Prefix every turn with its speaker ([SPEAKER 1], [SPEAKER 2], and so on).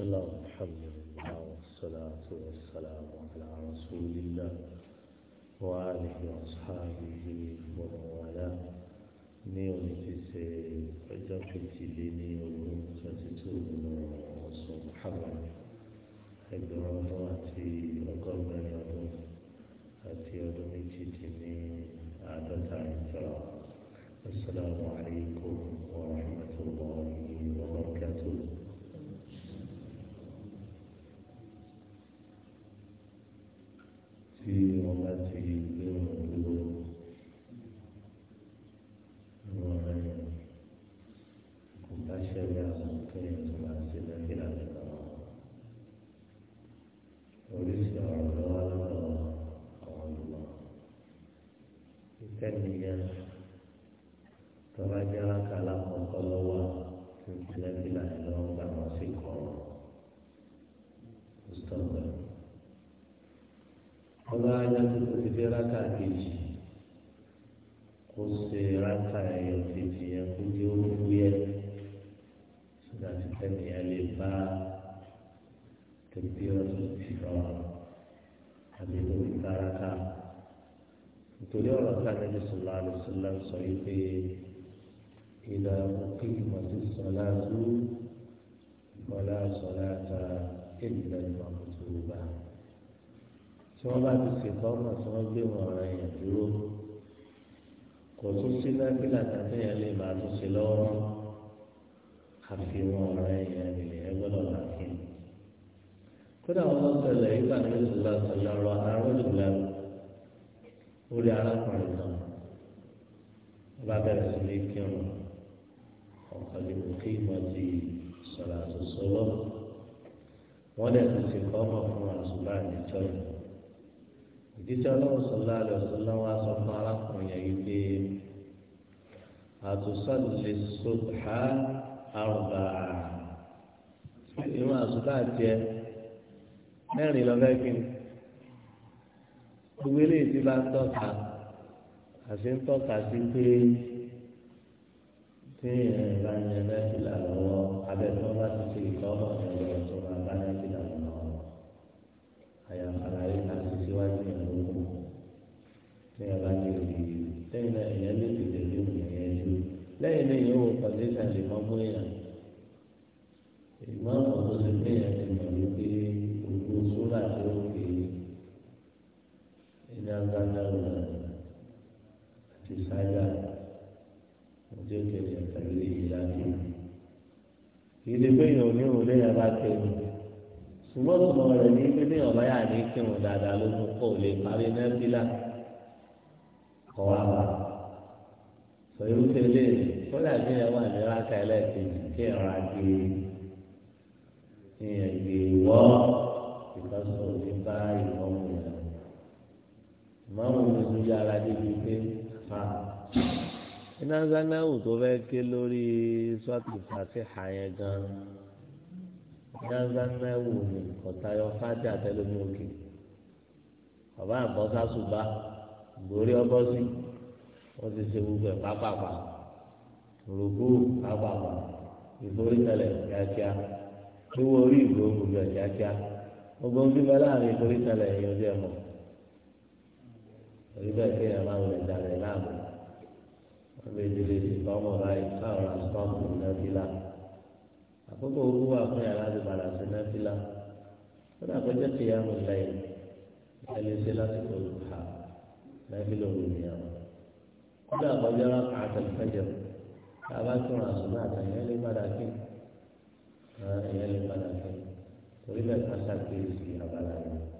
[SPEAKER 1] الله الحمد لله والصلاة والسلام على رسول الله وآله وأصحابه ومن والاه نيوني في سي فجاك في ديني ولهم فتتون وصوم حرم حيث رمضاتي وقرب يضم أتي يضم تتني أعدتا إن شاء الله السلام على láti gbé wọn dúró wọn kò bá ṣẹlẹ̀ àwọn kéèyàn tó máa ṣe lẹ́kìlá nípa wọn. oríṣi ọ̀rọ̀ lọ́wọ́ lọ́wọ́ àwọn olùmọ̀ ìkẹ́ni yẹn. wáyé tó ti dé rákà kejì kó ṣe rákà ẹ̀yọ̀ kejì yẹn kó dé orúkú yẹn sódà tí tẹ̀lé yẹn lè bá tẹ̀lé ọ̀tún ti rọ̀ àbí tó ti bá rákà nítorí ọ̀rọ̀ tí ní bí sọ̀lá lè sọ̀lá sọ yìí pé ìlà òkè ìmọ̀tí sọ̀lá tó wọlé sọ̀lá ta ìlànà àmọ̀tò bá tí wọ́n bá ti ṣètọ́ ọmọ tí wọ́n gbé wọn ọ̀rọ̀ yẹn dúró kò tún sí náfìlà tàbí yẹn lè máa tún ṣe lọ́wọ́ àfi wọn ọ̀rọ̀ yẹn nílẹ̀ ẹ gbọ́dọ̀ máa fi. kódà wọn lọ sọlẹ̀ yìí pàdé ìṣúná sọlẹ̀ ọ̀rọ̀ àárọ̀ ìgbà orí arákùnrin náà wọ́n bá bẹ̀rẹ̀ sí ní kírun ọ̀kan lè mú kí ìmọ̀ ti sọ̀rọ̀ àtúnṣe lọ́wọ́ wọ́n dẹ̀ ti ṣèkọ́ ọmọ fún àṣùbà àdìjọ́ iṣẹ́ ọlọ́run sọ̀lá rẹ̀ sọ̀lá wa sọ fún arákùnrin yẹn wípé àtúnṣàlùlẹ̀ sọ̀tà àrùbà ìwọ̀n àtúntà jẹ mẹ́rin lọ́fẹ́ kí ni gbogbo eléyìí ti bá ń tọ́ka àti ń tọ́ka sí pé tí ìrìn ìlànà ẹ̀rẹ́ fìlà lọ́wọ́ abẹ́tọ́ bá ti ṣe ìtọ́nà ẹ̀rọ tó máa bá ní. tí a bá lè rí i lẹ́yìn náà èèyàn lè tètè lé òun yẹn ju lẹ́yìn náà èèyàn wò kọ̀déṣà lè mọ́ mú èèyàn ìmọ̀ àwọn tó ṣe pé èèyàn ti mọ̀ wípé gbogbo sóra tó ń pè é iná gbádá ọ̀nà àti sáyà ọjọ́ kẹlẹ̀ àtàlẹ́ ìyáàbí ìdí pé èèyàn ò ní òun lẹ́yìn abá ṣùgbọ́n tó rẹ̀ ní pé ní ọ̀bá yà ní kírun dáadáa ló tún kọ́ ò lè parí náà bílà kọ́ wá bá pẹ̀lú tẹ́lẹ̀ kódà bí ẹ wà ní rákà ẹlẹ́sìn kí ẹ rà gbé ní ẹgbẹ́ ìwọ́ ìtọ́sọ òní bá ìwọ́ mu yẹn mọ́mú mi tún yára débi pé fa iná sanáwù tó fẹ́ ké lórí sọ́ọ̀tì fàṣẹ àyẹn gan iná sanáwù ní kọ̀tayọ fájà tẹlẹmú òkè bàbá àbọ̀sásùbá gbòòrí ọbọ sí wọn ti ṣe gbogbo ẹ pápápá rògbò pápápá ìforíkalẹ̀ kíákíá wíwọ orí ìgbò gbogbo ẹ kíákíá gbogbo ń bíbá láàrin ìforíkalẹ̀ èèyàn bí ẹ mọ orí bẹ́ẹ̀ kí ẹ máa wọlé dalẹ láàbò wọn bẹ jẹlé ìfọwọ́ báyìí káwọn asọ́ọ̀mù nàbílà àkókò owó wà fún yàrá àti bàlàsì nàbílà wọn àkọjọ kìyàmù lẹ́yìn ẹ lè ṣe lásìkò ìgbà náfìlà òru nìyà wọn. kódà kọjá àtàlùfẹ́jọ bàbá tún àṣùnà àtàyẹ́ lè padà kí ẹ̀yẹ́ lè padà kí torí